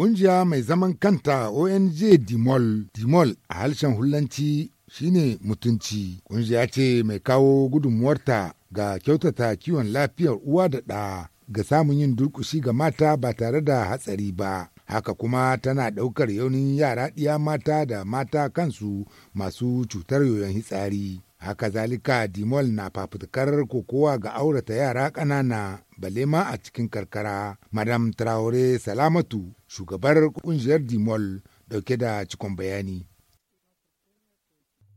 Ƙungiya mai zaman kanta ONG Dimol, Dimol a harshen Hullanci shine mutunci. Kungiya ce mai kawo gudunmuwarta ga kyautata kiwon lafiyar uwa da ɗa ga samun yin durkushi ga mata ba tare da hatsari ba. haka kuma tana ɗaukar yaunin yara ɗiya mata da mata kansu masu cutar yoyon hitsari. haka zalika dimol na fafutukar kokowa ga aurata yara ƙanana bale ma a cikin karkara madam traore salamatu shugabar kungiyar dimol dauke da cikon bayani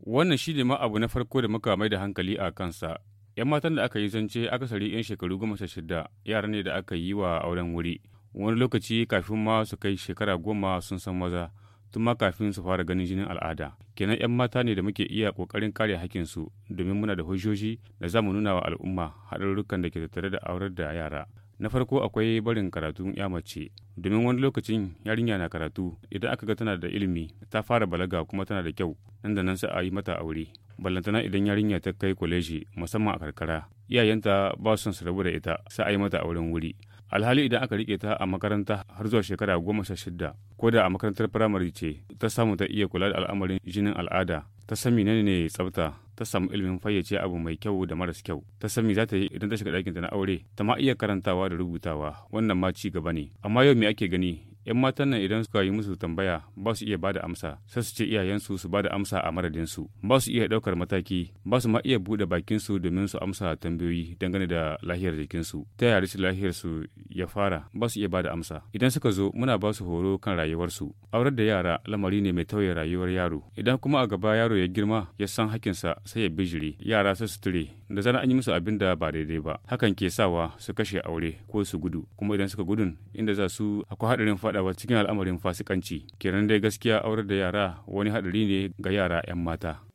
wannan shi ne ma abu na farko da muka mai da hankali a kansa 'yan matan da aka yi zance akasari 'yan shekaru goma sha shida yara ne da aka yi wa auren wuri wani lokaci kafin ma su kai shekara goma sun san maza tun ma kafin su fara ganin jinin al'ada kenan 'yan mata ne da muke iya ƙoƙarin kare su domin muna da hujjoji da za mu nuna wa al'umma haɗarurrukan da ke tattare da aurar da yara na farko akwai barin karatun ya mace domin wani lokacin yarinya na karatu idan aka ga tana da ilimi ta fara balaga kuma tana da kyau nan da nan sai a yi mata aure ballantana idan yarinya ta kai kwaleji musamman a karkara iyayenta ba su son su rabu da ita sai a yi mata auren wuri alhali idan aka rike ta a makaranta har zuwa shekara goma sha shida ko da a makarantar firamare ce ta samu ta iya kula da al'amarin jinin al'ada ta san menene ne tsafta ta samu ilimin fayyace abu mai kyau da maras kyau ta san me za ta yi idan ta shiga ɗakinta na aure ta ma iya karantawa da rubutawa wannan ma ci gaba ne amma yau me ake gani 'yan matan nan idan suka yi musu tambaya ba su iya bada amsa sai su ce iyayensu su bada amsa a madadinsu ba su iya daukar mataki ba su ma iya buɗe bakinsu domin su amsa tambayoyi dangane da lahiyar jikinsu ta yare su lahiyarsu ya fara ba su iya bada amsa idan suka zo muna ba su horo kan rayuwarsu aurar da yara lamari ne mai tauye rayuwar yaro idan kuma a gaba yaro ya girma ya san hakinsa sai ya bijire yara sai su ture da zana an yi musu abin da ba daidai ba hakan ke sawa su kashe aure ko su gudu kuma idan suka gudun inda za su akwai haɗarin faɗawa cikin al'amarin fasikanci kenan dai gaskiya aurar da yara wani haɗari ne ga yara 'yan mata